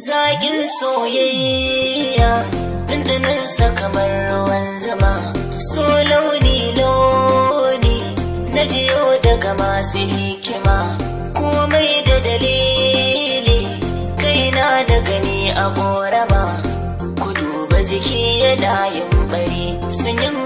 Zagin soyayya dandanan kamar ruwan zama so launi launi na jiyo daga masu hikima komai da dalili kaina da gani a ƙorama ku duba jiki yana yin bari yin